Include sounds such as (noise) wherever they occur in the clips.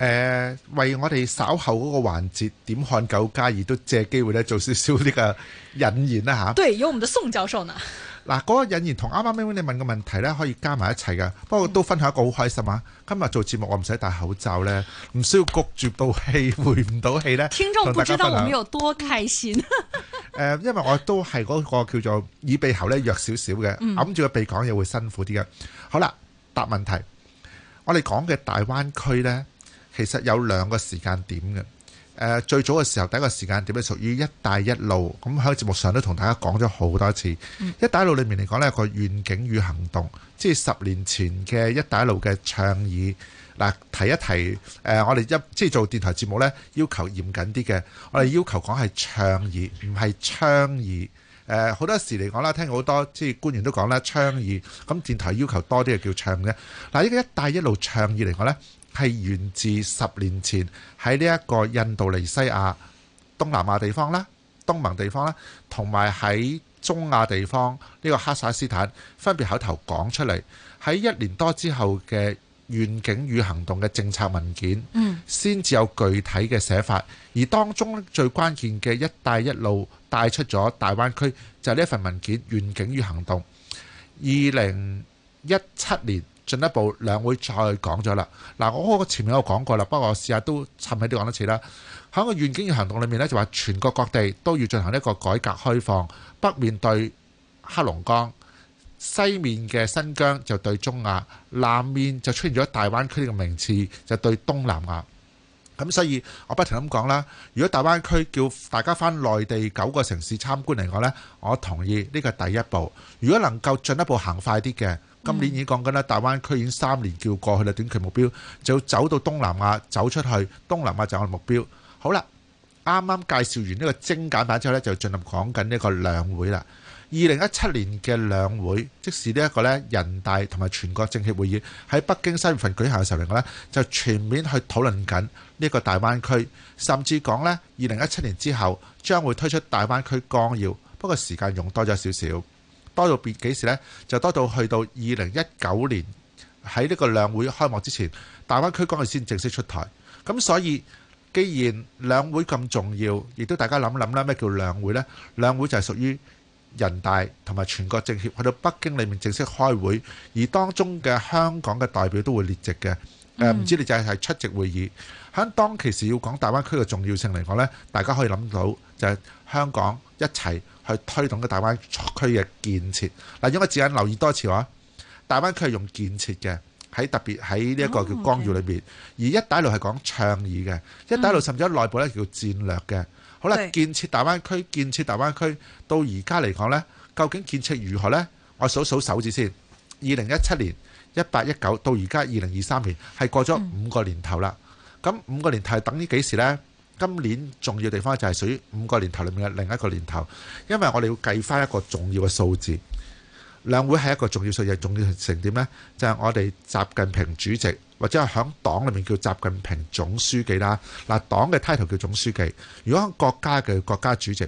誒、呃，為我哋稍後嗰個環節點看九加二都借機會咧做少少呢個引言啦吓、啊。對，有我們的宋教授呢。嗱、啊，嗰、那個引言同啱啱啱啱你問嘅問題咧，可以加埋一齊噶。不過都分享一個好開心啊！今日做節目我唔使戴口罩咧，唔需要焗住到氣，唞唔到氣咧。聽眾不知道我哋有多開心。誒、 (laughs) 啊，因為我都係嗰個叫做耳鼻喉咧弱少少嘅，揞住個鼻講嘢會辛苦啲嘅。好啦，答問題。我哋講嘅大灣區咧。其實有兩個時間點嘅，誒、呃、最早嘅時候第一個時間點咧屬於一帶一路，咁喺節目上都同大家講咗好多次、嗯。一帶一路裏面嚟講咧，個願景與行動，即係十年前嘅一帶一路嘅倡議。嗱、呃，提一提誒、呃，我哋一即係做電台節目呢，要求嚴謹啲嘅，我哋要求講係倡議，唔係倡議。誒、呃、好多時嚟講啦，聽好多即係官員都講啦「倡議」，咁電台要求多啲就叫倡嘅。嗱、呃，呢個一帶一路倡議嚟講呢。係源自十年前喺呢一個印度尼西亞東南亞地方啦、東盟地方啦，同埋喺中亞地方呢個哈薩斯坦分別口頭講出嚟。喺一年多之後嘅願景與行動嘅政策文件，先至有具體嘅寫法、嗯。而當中最關鍵嘅「一帶一路」帶出咗大灣區，就係呢份文件《願景與行動》。二零一七年。進一步兩會再講咗啦。嗱、啊，我好前面有講過啦，不過我試下都沉喺都講多次啦。喺個願景與行動裏面咧，就話全國各地都要進行一個改革開放。北面對黑龍江，西面嘅新疆就對中亞，南面就出現咗大灣區呢個名次，就對東南亞。咁所以我不停咁講啦。如果大灣區叫大家返內地九個城市參觀嚟講呢，我同意呢、呢個第一步。如果能夠進一步行快啲嘅，今年已經講緊啦，大灣區已經三年叫過去啦，短期目標就要走到東南亞走出去，東南亞就係我嘅目標。好啦，啱啱介紹完呢個精簡版之後咧，就進入講緊呢個兩會啦。二零一七年嘅兩會，即係呢一個咧人大同埋全國政協會議喺北京三月份舉行嘅時候嚟講咧，就全面去討論緊呢個大灣區，甚至講咧二零一七年之後將會推出大灣區綱要，不過時間用多咗少少。多到別幾時呢，就多到去到二零一九年喺呢個兩會開幕之前，大灣區綱要先正式出台。咁所以，既然兩會咁重要，亦都大家諗諗啦，咩叫兩會呢？兩會就係屬於人大同埋全國政協去到北京裡面正式開會，而當中嘅香港嘅代表都會列席嘅。誒，唔知你就係出席會議。喺當其時要講大灣區嘅重要性嚟講呢，大家可以諗到。就係香港一齊去推動個大灣區嘅建設。嗱，因為隻眼留意多次嘅話，大灣區係用建設嘅，喺特別喺呢一個叫光耀裏邊。而一帶路係講倡議嘅，一帶路甚至於內部咧叫戰略嘅。好啦，建設大灣區，建設大灣區到而家嚟講呢，究竟建設如何呢？我數數手指先。二零一七年、一八一九到而家二零二三年，係過咗五個年頭啦。咁五個年頭係等於幾時呢？今年重要地方就係屬於五個年頭裏面嘅另一個年頭，因為我哋要計翻一個重要嘅數字。兩會係一個重要數字，重要成點呢？就係我哋習近平主席，或者係響黨裏面叫習近平總書記啦。嗱，黨嘅 title 叫總書記。如果響國家嘅國家主席，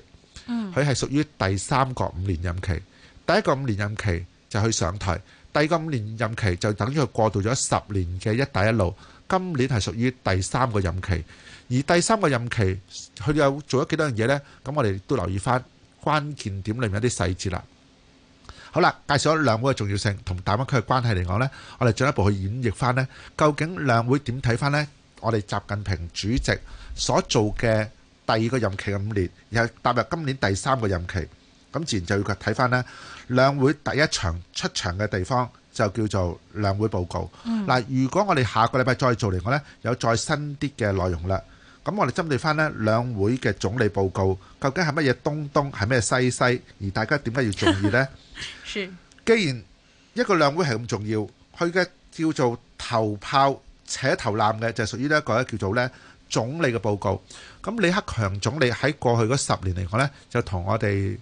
佢係屬於第三個五年任期。第一個五年任期就去上台，第二個五年任期就等於佢過渡咗十年嘅一帶一路。今年係屬於第三個任期。而第三個任期，佢又做咗幾多樣嘢咧？咁我哋都留意翻關鍵點裏面一啲細節啦。好啦，介紹咗兩會嘅重要性同大灣區嘅關係嚟講咧，我哋進一步去演繹翻咧，究竟兩會點睇翻咧？我哋習近平主席所做嘅第二個任期嘅五年，然後踏入今年第三個任期，咁自然就要佢睇翻咧。兩會第一場出場嘅地方就叫做兩會報告。嗱，如果我哋下個禮拜再做嚟講咧，有再新啲嘅內容啦。咁我哋針對翻呢兩會嘅總理報告，究竟係乜嘢東東，係咩西西，而大家點解要注意呢？是。既然一個兩會係咁重要，佢嘅叫做投炮扯頭纜嘅，就屬於呢一個叫做呢總理嘅報告。咁李克強總理喺過去嗰十年嚟講呢，就同我哋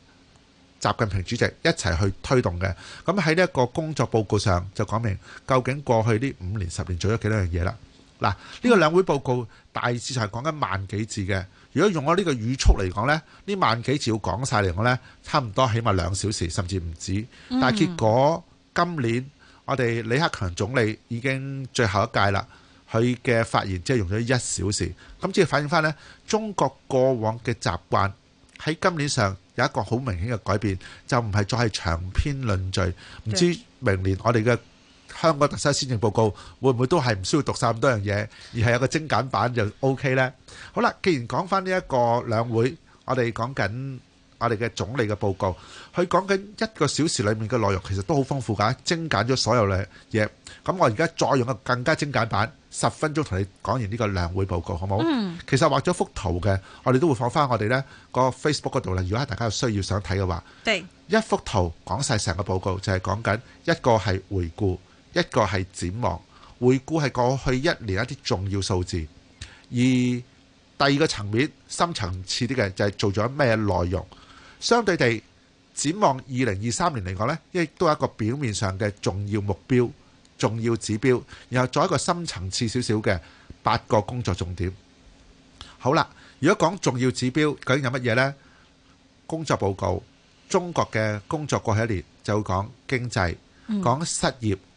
習近平主席一齊去推動嘅。咁喺呢一個工作報告上，就講明究竟過去呢五年、十年做咗幾多樣嘢啦。嗱，呢個兩會報告大致上係講緊萬幾字嘅。如果用我呢個語速嚟講呢，呢萬幾字要講晒嚟講呢，差唔多起碼兩小時，甚至唔止。但係結果今年我哋李克強總理已經最後一屆啦，佢嘅發言只係用咗一小時。咁即係反映翻呢，中國過往嘅習慣喺今年上有一個好明顯嘅改變，就唔係再係長篇論敘。唔知明年我哋嘅香港特首施政報告會唔會都係唔需要讀曬咁多樣嘢，而係有一個精簡版就 OK 呢？好啦，既然講翻呢一個兩會，我哋講緊我哋嘅總理嘅報告，佢講緊一個小時裏面嘅內容其實都好豐富㗎，精簡咗所有嘅嘢。咁我而家再用一個更加精簡版，十分鐘同你講完呢個兩會報告，好冇？嗯，其實畫咗幅圖嘅，我哋都會放翻我哋呢個 Facebook 嗰度啦。如果大家有需要想睇嘅話，對一幅圖講曬成個報告，就係講緊一個係回顧。一個係展望。回顧，係過去一年一啲重要數字；而第二個層面，深層次啲嘅就係、是、做咗咩內容。相對地，展望二零二三年嚟講呢，亦都係一個表面上嘅重要目標、重要指標。然後再一個深層次少少嘅八個工作重點。好啦，如果講重要指標究竟有乜嘢呢？工作報告，中國嘅工作過去一年就會講經濟，嗯，講失業。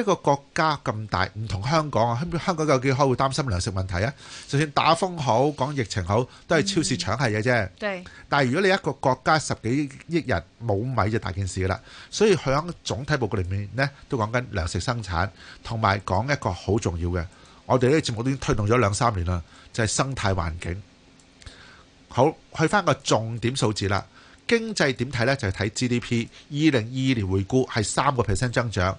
一個國家咁大，唔同香港啊，香港究竟可會擔心糧食問題啊？就算打風好，講疫情好，都係超市搶係嘅啫。但係如果你一個國家十幾億人冇米就大件事㗎啦。所以響總體報告裡面咧，都講緊糧食生產同埋講一個好重要嘅，我哋呢個節目都已經推動咗兩三年啦，就係生態環境。好去翻個重點數字啦，經濟點睇咧就係睇 GDP，二零二二年回顧係三個 percent 增長。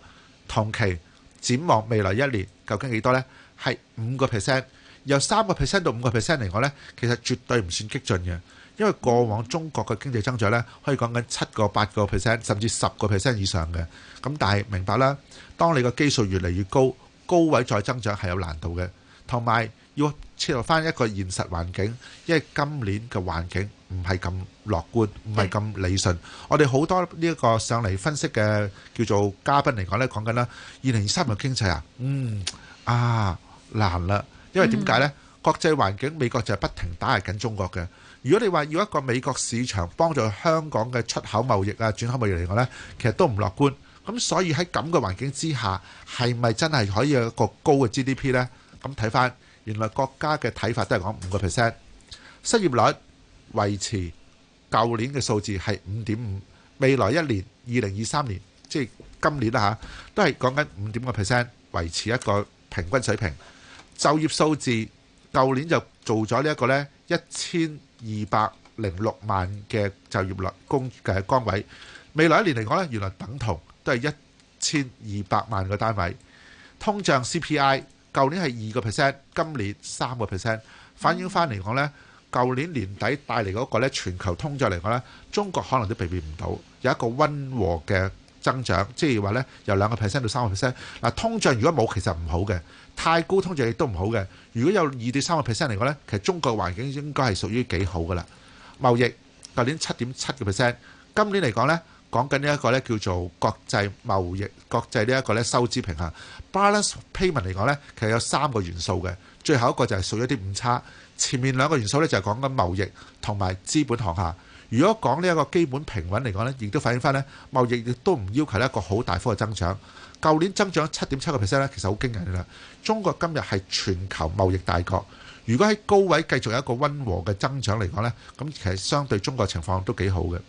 同期展望未來一年究竟幾多呢？係五個 percent，由三個 percent 到五個 percent 嚟講呢，其實絕對唔算激進嘅，因為過往中國嘅經濟增長呢可以講緊七個八個 percent，甚至十個 percent 以上嘅。咁但係明白啦，當你個基數越嚟越高，高位再增長係有難度嘅，同埋要切入翻一個現實環境，因為今年嘅環境，唔係咁樂觀，唔係咁理順。我哋好多呢一個上嚟分析嘅叫做嘉賓嚟講呢，講緊啦，二零二三嘅經濟啊，嗯啊難啦，因為點解呢？國際環境美國就係不停打壓緊中國嘅。如果你話要一個美國市場幫助香港嘅出口貿易啊、轉口貿易嚟講呢，其實都唔樂觀。咁所以喺咁嘅環境之下，係咪真係可以有一個高嘅 GDP 呢？咁睇返原來國家嘅睇法都係講五個 percent 失業率，維持舊年嘅數字係五點五，未來一年二零二三年，即係今年啦嚇，都係講緊五點五個 percent 維持一個平均水平。就業數字舊年就做咗呢一個呢一千二百零六萬嘅就業率工嘅崗位，未來一年嚟講咧，原來等同都係一千二百萬個單位。通脹 CPI 舊年係二個 percent，今年三個 percent，反映翻嚟講呢。舊年年底帶嚟嗰個咧，全球通脹嚟講咧，中國可能都避免唔到有一個溫和嘅增長，即係話咧由兩個 percent 到三個 percent。嗱，通脹如果冇其實唔好嘅，太高通脹亦都唔好嘅。如果有二到三個 percent 嚟講咧，其實中國環境應該係屬於幾好㗎喇。貿易舊年七點七個 percent，今年嚟講咧講緊呢一個咧叫做國際貿易，國際呢一個咧收支平衡 balance payment 嚟講咧，其實有三個元素嘅，最後一個就係屬於一啲誤差。前面兩個元素咧就係講緊貿易同埋資本項下。如果講呢一個基本平穩嚟講咧，亦都反映翻咧貿易亦都唔要求一個好大幅嘅增長。舊年增長咗七點七個 percent 咧，其實好驚人㗎喇。中國今日係全球貿易大國。如果喺高位繼續有一個溫和嘅增長嚟講咧，咁其實相對中國情況都幾好嘅。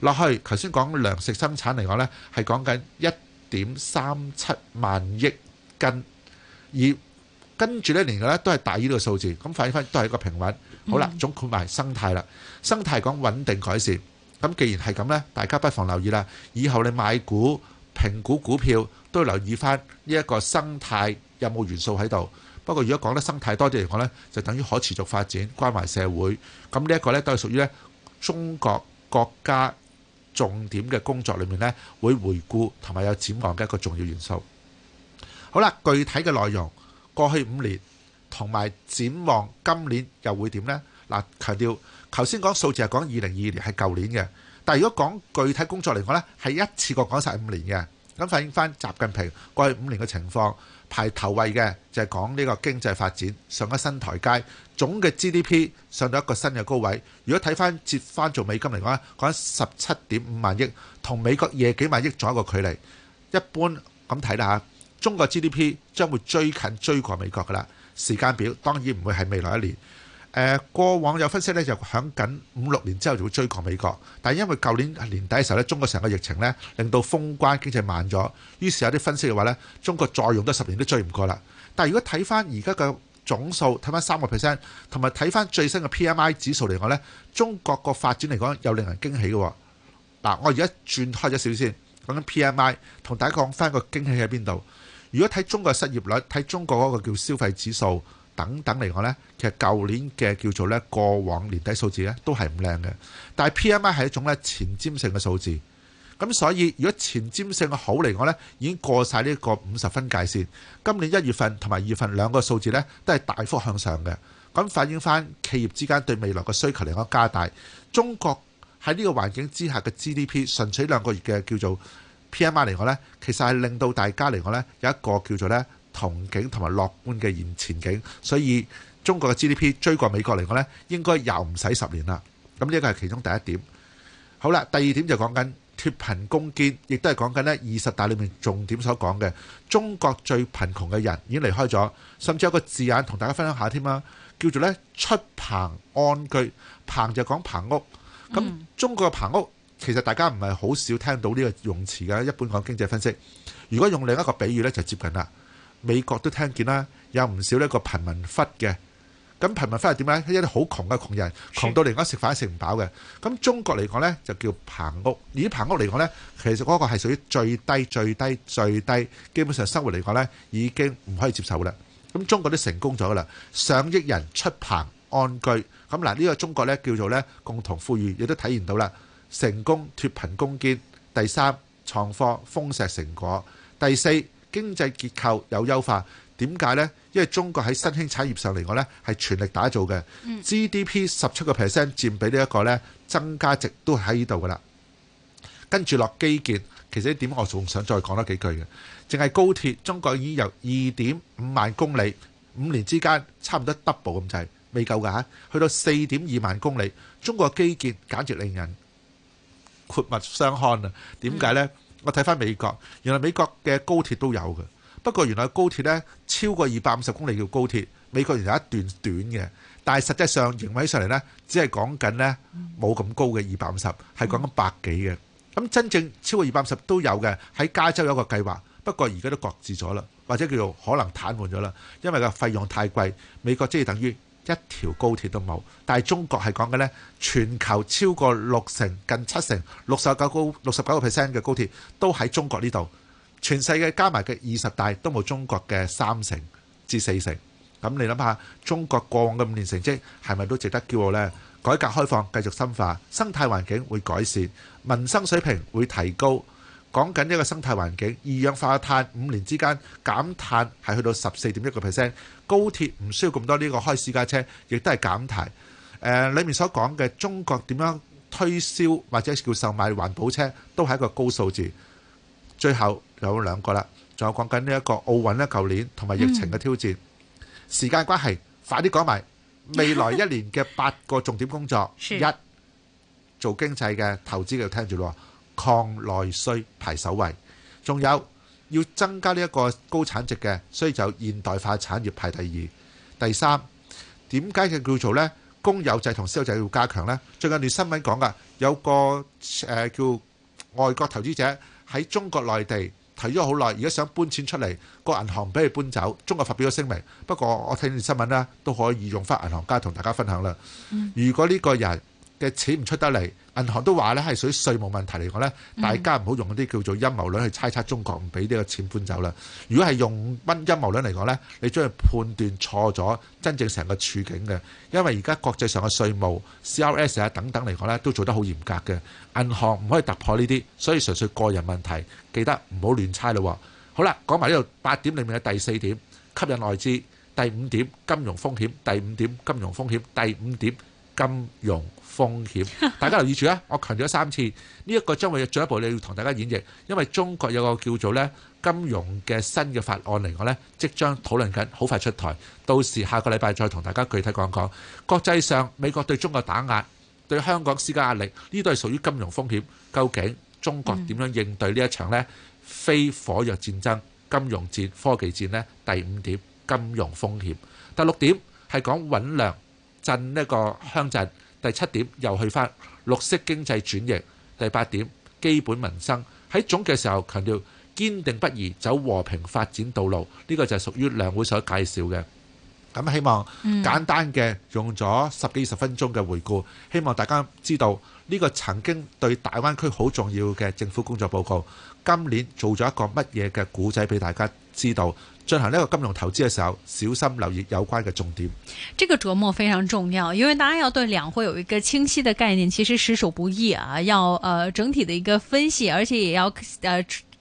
落去頭先講糧食生產嚟講咧，係講緊一點三七萬億斤，而跟住咧，年度咧都係大於呢個數字咁，反映翻都係一個平穩。好啦，總括埋生態啦。生態講穩定改善咁，既然係咁咧，大家不妨留意啦。以後你買股評估股票，都要留意翻呢一個生態有冇元素喺度。不過，如果講得生態多啲嚟講咧，就等於可持續發展、關懷社會咁呢一個咧，都係屬於咧中國國家重點嘅工作裡面咧，會回顧同埋有展望嘅一個重要元素。好啦，具體嘅內容。過去五年同埋展望今年又會點呢？嗱，強調頭先講數字係講二零二二年係舊年嘅，但係如果講具體工作嚟講呢，係一次過講晒五年嘅。咁反映翻習近平過去五年嘅情況，排頭位嘅就係講呢個經濟發展上咗新台階，總嘅 GDP 上到一個新嘅高位。如果睇翻折翻做美金嚟講呢，講緊十七點五萬億，同美國廿幾萬億仲有一個距離。一般咁睇啦吓。中國 GDP 將會最近追過美國噶啦，時間表當然唔會係未來一年。誒、呃，過往有分析咧，就響緊五六年之後就會追過美國，但係因為舊年年底嘅時候咧，中國成個疫情咧令到封關經濟慢咗，於是有啲分析嘅話咧，中國再用多十年都追唔過啦。但係如果睇翻而家嘅總數，睇翻三個 percent，同埋睇翻最新嘅 PMI 指數嚟講咧，中國個發展嚟講又令人驚喜嘅、哦。嗱，我而家轉開咗少少先講緊 PMI，同大家講翻個驚喜喺邊度？如果睇中國嘅失業率、睇中國嗰個叫消費指數等等嚟講呢，其實舊年嘅叫做呢，過往年底數字呢都係唔靚嘅。但係 P M I 係一種呢前瞻性嘅數字，咁所以如果前瞻性嘅好嚟講呢已經過晒呢個五十分界線。今年一月份同埋二月份兩個數字呢都係大幅向上嘅，咁反映翻企業之間對未來嘅需求嚟講加大。中國喺呢個環境之下嘅 G D P 純粹兩個月嘅叫做。PMI 嚟講呢，其實係令到大家嚟講呢，有一個叫做呢憧憬同埋樂觀嘅現前景，所以中國嘅 GDP 追過美國嚟講呢，應該又唔使十年啦。咁呢個係其中第一點。好啦，第二點就講緊脫貧攻堅，亦都係講緊呢二十大裡面重點所講嘅中國最貧窮嘅人已經離開咗，甚至有個字眼同大家分享下添啦，叫做呢出棚安居。棚就講棚屋，咁中國嘅棚屋。其實大家唔係好少聽到呢個用詞嘅。一般講經濟分析，如果用另一個比喻呢，就接近啦。美國都聽見啦，有唔少呢個貧民窟嘅。咁貧民窟係點呢？係一啲好窮嘅窮人，窮到嚟講食飯都食唔飽嘅。咁中國嚟講呢，就叫棚屋。以棚屋嚟講呢，其實嗰個係屬於最低、最低、最低，基本上生活嚟講呢已經唔可以接受嘅啦。咁中國都成功咗嘅啦，上億人出棚安居。咁嗱，呢個中國呢叫做呢共同富裕，亦都體現到啦。成功脫貧攻堅，第三創科豐碩成果，第四經濟結構有優化。點解呢？因為中國喺新興產業上嚟講呢係全力打造嘅、嗯、GDP 十七個 percent 佔比呢一個呢，增加值都係喺呢度噶啦。跟住落基建，其實呢點我仲想再講多幾句嘅。淨係高鐵，中國已經由二點五萬公里，五年之間差唔多 double 咁滯，未夠㗎嚇、啊，去到四點二萬公里。中國嘅基建簡直令人～刮目相看啊！點解呢？我睇翻美國，原來美國嘅高鐵都有嘅。不過原來高鐵呢，超過二百五十公里叫高鐵，美國原來一段短嘅，但係實際上營運起上嚟呢，只係講緊呢冇咁高嘅二百五十，係講緊百幾嘅。咁真正超過二百五十都有嘅，喺加州有一個計劃，不過而家都擱置咗啦，或者叫做可能癱瘓咗啦，因為個費用太貴，美國即係等於，一條高鐵都冇，但係中國係講嘅呢，全球超過六成、近七成、六十九高、六十九個 percent 嘅高鐵都喺中國呢度。全世界加埋嘅二十大都冇中國嘅三成至四成。咁你諗下，中國過往嘅五年成績係咪都值得驕傲呢？改革開放繼續深化，生態環境會改善，民生水平會提高。講緊一個生態環境，二氧化碳五年之間減碳係去到十四點一個 percent。高鐵唔需要咁多呢個開私家車，亦都係減提。誒，裏面所講嘅中國點樣推銷或者叫售賣環保車，都係一個高數字。最後有兩個啦，仲有講緊呢一個奧運咧，舊年同埋疫情嘅挑戰。時間關係，快啲講埋未來一年嘅八個重點工作。一、做經濟嘅投資嘅聽住咯，擴內需排首位，仲有。要增加呢一個高產值嘅，所以就現代化產業排第二、第三。點解嘅叫做呢公有制同私有制要加強呢？最近段新聞講，噶有個誒叫外國投資者喺中國內地投咗好耐，而家想搬錢出嚟，個銀行俾佢搬走。中國發表咗聲明，不過我睇段新聞呢都可以用翻銀行家同大家分享啦。如果呢個人，嘅錢唔出得嚟，銀行都話咧係屬於稅務問題嚟講呢、嗯、大家唔好用嗰啲叫做陰謀論去猜測中國唔俾呢個錢搬走啦。如果係用揾陰謀論嚟講呢，你將佢判斷錯咗，真正成個處境嘅，因為而家國際上嘅稅務、CRS 啊等等嚟講呢，都做得好嚴格嘅，銀行唔可以突破呢啲，所以純粹個人問題，記得唔好亂猜咯。好啦，講埋呢度八點裡面嘅第四點，吸引外資；第五點金融風險；第五點金融風險；第五點。金融風險第金融風險，大家留意住咧。我強調咗三次，呢一個將會進一步，你要同大家演繹。因為中國有個叫做咧金融嘅新嘅法案嚟講咧，即將討論緊，好快出台。到時下個禮拜再同大家具體講講。國際上，美國對中國打壓，對香港施加壓力，呢都係屬於金融風險。究竟中國點樣應對呢一場咧非火藥戰爭、金融戰、科技戰咧？第五點，金融風險。第六點係講揾糧。鎮呢個鄉鎮，第七點又去翻綠色經濟轉型，第八點基本民生，喺總嘅時候強調堅定不移走和平發展道路，呢個就係屬於兩會所介紹嘅。咁希望簡單嘅用咗十幾十分鐘嘅回顧，希望大家知道呢個曾經對大灣區好重要嘅政府工作報告，今年做咗一個乜嘢嘅古仔俾大家知道。進行呢個金融投資嘅時候，小心留意有關嘅重點。這個琢磨非常重要，因為大家要對兩會有一個清晰的概念，其實實屬不易啊！要呃整體的一個分析，而且也要呃。